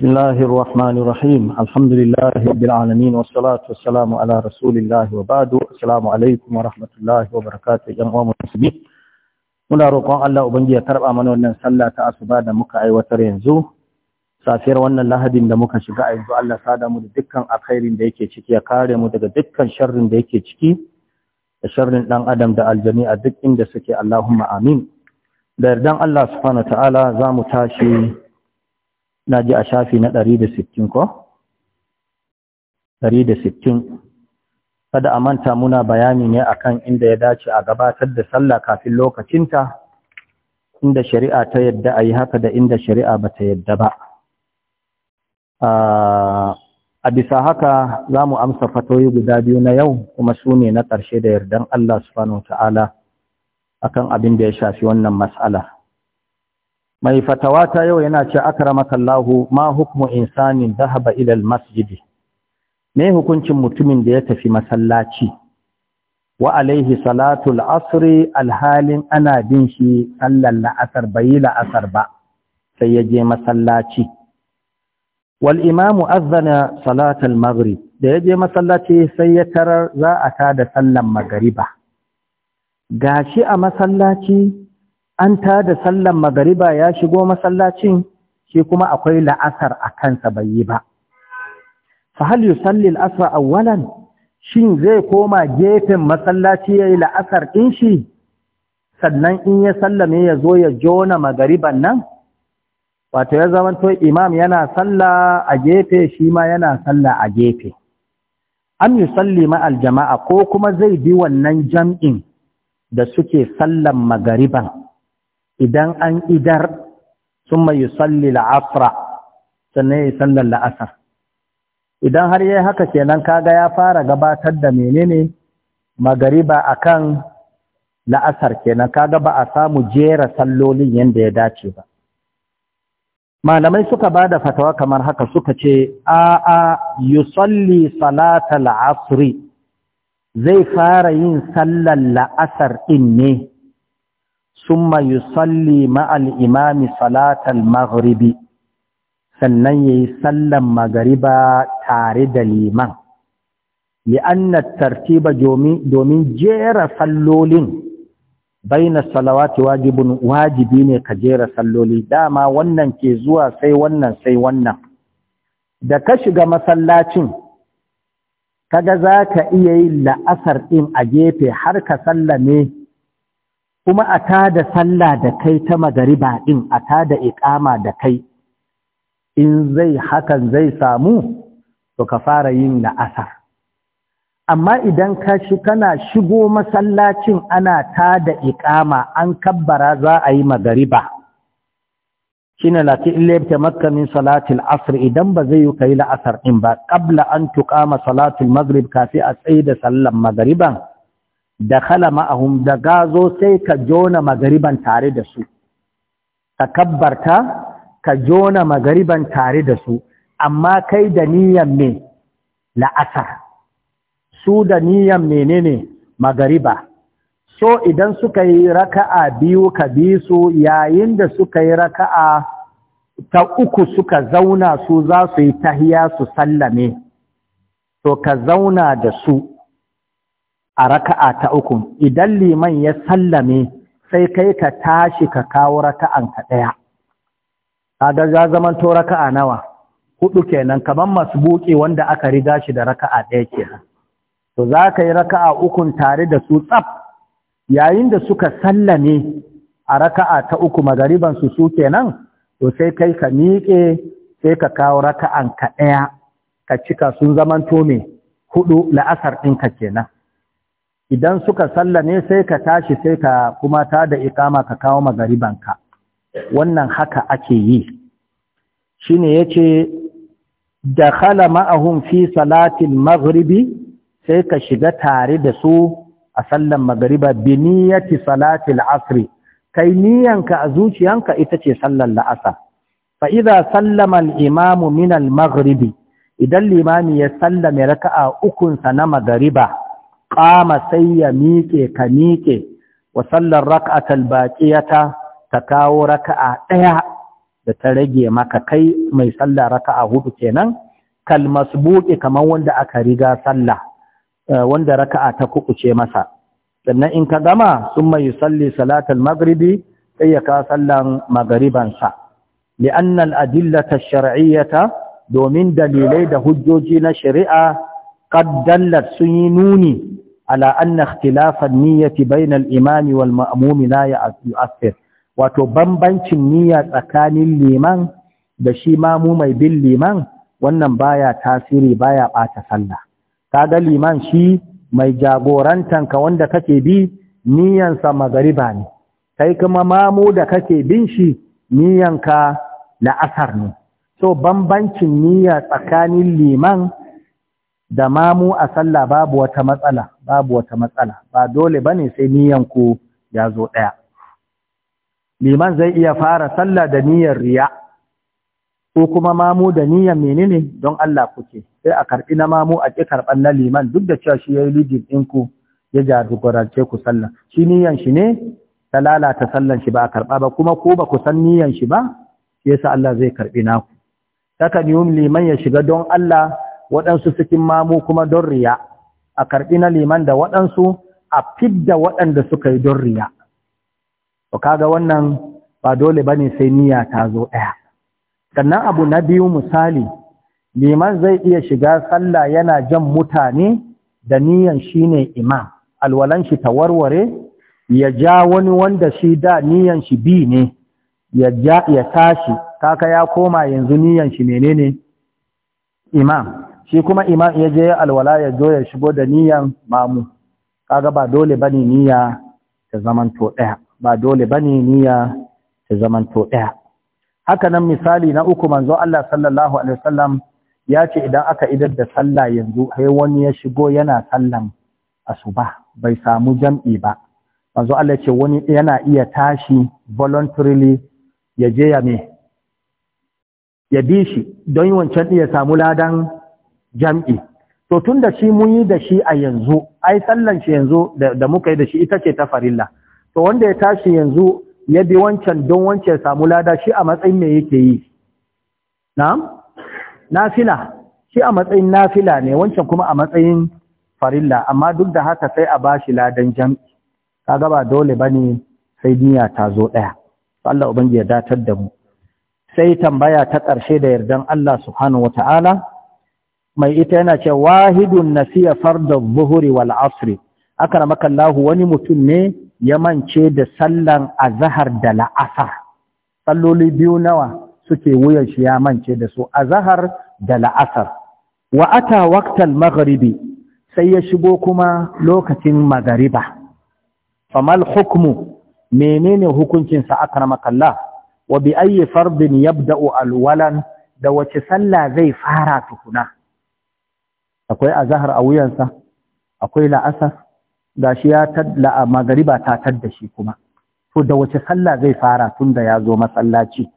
بسم الله الرحمن الرحيم الحمد لله رب العالمين والصلاة والسلام على رسول الله وبعد السلام عليكم ورحمة الله وبركاته جمع مسلمين muna roƙon Allah ubangi ya karɓa mana wannan sallah ta asuba da muka aiwatar yanzu safiyar wannan lahadin da muka shiga a yanzu Allah sada mu da dukkan alkhairin da yake ciki ya kare mu daga dukkan sharrin da yake ciki da sharrin dan adam da aljami a duk inda suke Allahumma amin da yardan Allah subhanahu ta'ala za mu tashi na ji a shafi na ɗari da sittin ko? Ɗari da sittin. kada a manta muna bayani ne akan inda ya dace a gabatar da sallah kafin lokacinta inda shari'a ta yadda a yi haka da inda shari'a ba ta yadda ba a bisa haka za mu amsa fatoyi guda biyu na yau kuma su ne na ƙarshe da yardan Allah subhanahu wa ta'ala akan abin da ya shafi wannan mas'ala mai fatawa ta yau yana ce akramaka Allahu ma hukmu insanin dhahaba ila masjidi. me hukuncin mutumin da ya tafi masallaci wa alaihi salatul asri alhalin ana bin shi sallar la'asar bai la'asar ba sai yaje masallaci wal imamu azzana salatul maghrib da ya je masallaci sai ya tarar za a tada sallan magariba gashi a masallaci an ta da sallan magariba ya shigo masallacin shi kuma akwai la'asar a kansa bai yi ba fahal yusalli a awwalan shin zai koma gefen masallaci yayi la'asar din shi sannan in ya sallame ya zo ya jona magariban nan wato ya zama to imam yana salla a gefe shi ma yana salla a gefe an yusalli ma al jama'a ko kuma zai bi wannan jam'in da suke sallan magariban idan an idar sun mai yusalli la'afra sannan ya yi sallar la'asar idan har yi haka kenan kaga ya fara gabatar da menene magariba kan la'asar kenan kaga ba a samu jera sallolin yadda ya dace ba malamai suka ba da fatawa kamar haka suka ce a'a salli salatal asri zai fara yin sallar la'asar ɗin ne summa yusalli ma'al imami salatal maghribi sannan yayi sallan magariba tare da liman li'anna tartiba domin jera sallolin baina salawati wajibin wajibi ne ka jera salloli dama wannan ke zuwa sai wannan sai wannan da ka shiga masallacin kaga za ka iya yin la'asar ɗin a gefe har ka sallame kuma a tada sallah da kai ta magariba din a tada iƙama da kai in zai hakan zai samu to ka fara yin la'asar amma idan ka shi kana shigo masallacin ana tada iƙama an kabbara za a yi magariba shine laki in labta makka min salatil asr idan ba zai yi kai la'asar din ba qabla an tuqama salatul maghrib kafi a tsaye da sallan magariban da kala ma'ahum da gazo sai ka jona magariban tare da su ka kabbarta ka jona magariban tare da su amma kai da niyan ne la'asar su da niyan menene magariba so idan suka yi raka'a biyu ka bi su yayin da suka yi raka'a ta uku suka zauna su za su yi tahiya su sallame to ka zauna da su a raka'a ta uku idan liman ya sallame sai kai ka tashi ka kawo raka'an ka ɗaya za ya zamanto raka'a nawa hudu kenan kamar masbuki wanda aka riga shi da raka'a ɗaya kenan to za ka yi raka'a ukun tare da su tsaf yayin da suka sallame a raka'a ta uku magariban su su kenan to sai kai ka miƙe sai ka kawo raka'an ka ɗaya ka cika sun zamanto me hudu la'asar ɗinka kenan idan suka salla ne sai ka tashi sai ka kuma ta da ikama ka kawo magaribanka wannan haka ake yi shine yace dakhala ma'ahun fi salatin maghribi sai ka shiga tare da su a sallan magariba bi niyyati salatil asri kai niyanka a zuciyanka ita ce sallar la'asa. fa idza sallama al-imamu min al-maghribi idan limami ya sallame raka'a ukun sa na magariba ƙama sai ya miƙe ka miƙe wa sallar raka'atal baƙiyata ta kawo raka'a ɗaya da ta rage maka kai mai sallar raka'a hudu kenan kal masbuqi kamar wanda aka riga sallah eh, wanda raka'a ta kukuce masa sannan in ka gama summa yusalli salatal maghribi sai ya ka sallan magriban sa li'anna al adillata shar'iyyata domin dalilai da hujjoji na shari'a qad dallat nuni ala anna ikhtilafan niyyati bainal imami wal ma'mumi la ya'asir wato bambancin niyya tsakanin liman da shi mamu mai bin liman wannan baya tasiri baya ɓata sallah kaga liman shi mai jagorantan ka wanda kake bi niyyansa magariba ne kai kuma mamu da kake bin shi niyyanka la'asar ne To bambancin niyya tsakanin liman da ma mu a sallah babu wata matsala babu wata matsala ba dole bane sai niyan ku ya zo daya liman zai iya fara sallah da niyyar riya ko kuma mamu da niyyar menene don Allah kuke sai a karbi na mamu a ki karban na liman duk da cewa shi yayi lidin din ku ya jagorance ku sallah shi niyan shi ne ta lalata sallan shi ba a karba ba kuma ko ba ku san niyan shi ba yasa Allah zai karbi naku takan yi liman ya shiga don Allah waɗansu cikin mamu kuma don riya a karɓi na liman da waɗansu a fidda waɗanda suka yi don riya to kaga wannan ba dole bane sai niyya ta zo ɗaya sannan abu na biyu misali liman zai iya shiga sallah yana jan mutane da niyyan shine imam alwalan shi ta warware ya ja wani wanda shi da niyan shi bi ne ya ja ya tashi kaka ya koma yanzu niyan shi menene imam shi kuma imam ya je alwala ya zo ya shigo da niyan mamu kaga ba dole bane niyya ta zamanto ɗaya ba dole bane niyya ta zamanto ɗaya haka nan misali na uku manzo Allah sallallahu alaihi wasallam ya ce idan aka idar da sallah yanzu sai wani ya shigo yana sallan asuba bai samu jam'i ba manzo Allah ce wani yana iya tashi voluntarily ya je ya me ya bi shi don wancan ya samu ladan jam'i to tun da shi mun yi da shi a yanzu ai sallan shi yanzu da muka yi da shi ita ce ta farilla to wanda ya tashi yanzu ya bi wancan don wancan samu lada shi a matsayin me yake yi na'am nafila shi a matsayin nafila ne wancan kuma a matsayin farilla amma duk da haka sai a bashi ladan jam'i ka gaba dole ba ne sai niyya ta zo ɗaya Allah ubangiji ya datar da mu sai tambaya ta ƙarshe da yardan Allah subhanahu ta'ala. mai ita yana ce wahidun nasiya farda buhuri wal asri akramaka Allah wani mutum ne ya mance da sallan azahar da la'asar salloli biyu nawa suke wuyan shi ya mance da su azahar da la'asar wa ata waqtal maghribi sai ya shigo kuma lokacin magariba famal hukmu menene hukuncin sa akramaka Allah wa bi ayyi fardin yabda'u alwalan da wace sallah zai fara tukuna akwai azahar a wuyansa akwai la'asar gashi ya tadla magariba ta tadda shi kuma to da wace sallah zai fara tun da ya zo masallaci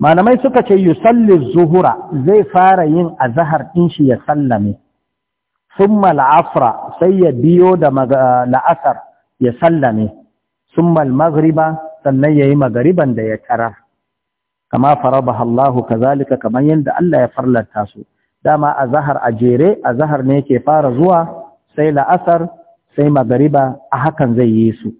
malamai suka ce yusalli zuhura zai fara yin azahar din shi ya sallame Summal Afra sai ya biyo da la'asar ya sallame summa al-maghriba sannan yayi magariban da ya tarar kama farabaha kazalika kaman yanda Allah ya farlanta su dama a zahar a jere a zahar ne ke fara zuwa sai la'asar sai magariba a hakan zai yi su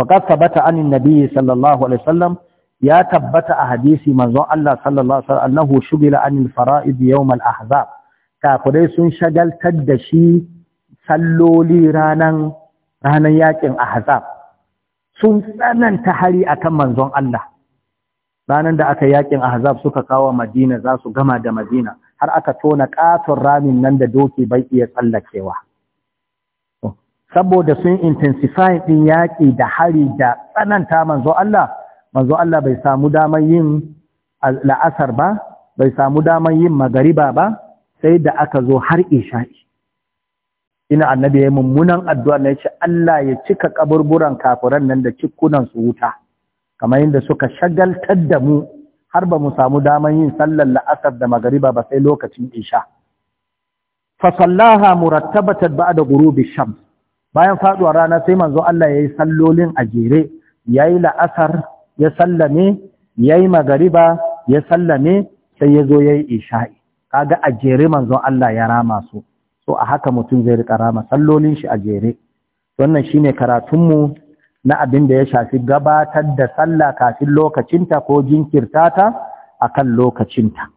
waqad thabata anin nabiy sallallahu alaihi sallam ya tabbata a hadisi manzon Allah sallallahu alaihi sallam, annahu shugila anil fara'id yawm al ahzab kafirai sun shagaltar da shi salloli ranan ranan yakin ahzab sun tsananta hari akan manzon Allah ranan da aka yakin ahzab suka kawo Madina za su gama da Madina har aka tona katon ramin nan da doki bai iya tsallakewa saboda sun intensify ɗin yaƙi da hari da tsananta manzo Allah manzo Allah bai samu damar yin la'asar ba bai samu damar yin magariba ba sai da aka zo har isha'i ina annabi ya yi mummunan addu'a na yace Allah ya cika kaburburan kafuran nan da cikunan su wuta kamar yadda suka shagaltar da mu har ba mu samu daman yin sallar la'asar da magariba ba sai lokacin isha mu rattabatar ba da gurubi sham bayan faduwar rana sai manzo Allah ya yi sallolin a jere yi la'asar ya sallame yi magariba ya sallame sai ya zo ya yi isha'i ga a jere manzo Allah ya rama su so a haka mutum zai rika rama sallolin shi a jere wannan shi ne karatunmu. na abin da ya shafi gabatar da sallah kafin lokacinta ko jinkirta ta akan lokacinta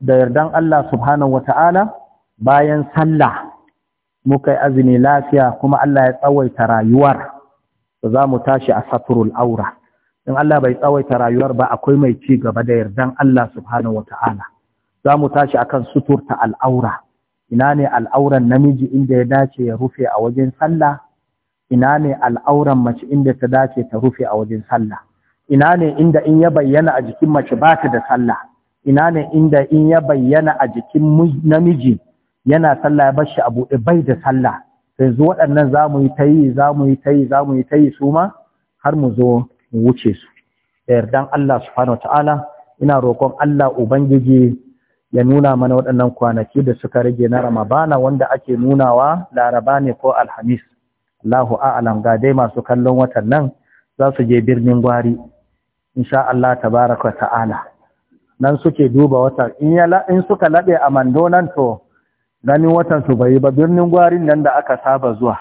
da yardan Allah subhanahu wata'ala bayan sallah muka yi azumi lafiya kuma Allah ya tsawaita rayuwar za mu tashi a saturul aura in Allah bai tsawaita rayuwar ba akwai mai ci gaba da yardan Allah subhanahu wata'ala za mu tashi akan suturta al'aura ina ne al'auran namiji inda ya dace ya rufe a wajen sallah ina ne al'auran mace inda ta dace ta rufe a wajen sallah ina ne inda in ya bayyana a jikin mace ba ta da sallah ina ne inda in ya bayyana a jikin namiji yana sallah ya bashi a buɗe bai da sallah sai zuwa waɗannan za mu yi ta yi za mu yi ta yi za mu yi ta yi su ma har mu zo mu wuce su da yardan Allah subhanahu ta'ala ina roƙon Allah ubangiji ya nuna mana waɗannan kwanaki da suka rage na Ramadana wanda ake nunawa Laraba ne ko Alhamis Allahu a'lam ga dai masu kallon watan nan za su je birnin gwari insha Allah tabaraka ta'ala nan suke duba watan in ya in suka labe a mando nan to ganin watan su bai ba birnin gwari nan da aka saba zuwa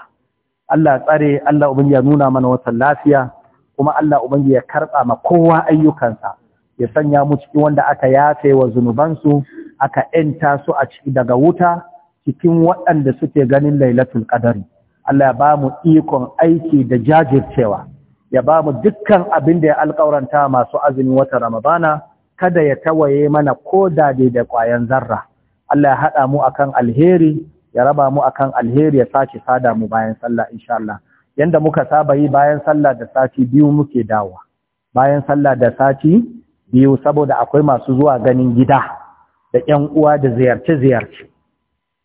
Allah tsare Allah ubangi ya nuna mana watan lafiya kuma Allah ubangi ya karba ma kowa ayyukansa ya sanya mu cikin wanda aka yafe wa zunubansu aka enta su a ciki daga wuta cikin waɗanda suke ganin lailatul qadari Allah ya ba mu ikon aiki da jajircewa ya ba mu dukkan abin da ya alƙawaranta masu azumin wata Ramadana kada ya tawaye mana ko da da ƙwayan zarra Allah ya haɗa mu akan alheri ya raba mu akan alheri ya sace sada mu bayan sallah insha Allah yanda muka saba yi bayan sallah da sati biyu muke dawa bayan sallah da sati biyu saboda akwai masu zuwa ganin gida da ƴan uwa da ziyarce ziyarce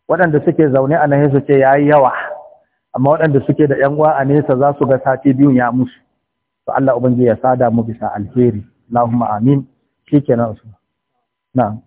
waɗanda suke zaune a nan ce yayi yawa amma waɗanda suke da ‘yan a nesa za su ga sati biyun ya musu to Allah ubangiji ya sada mu bisa alheri Allahumma amin shikenan su na'am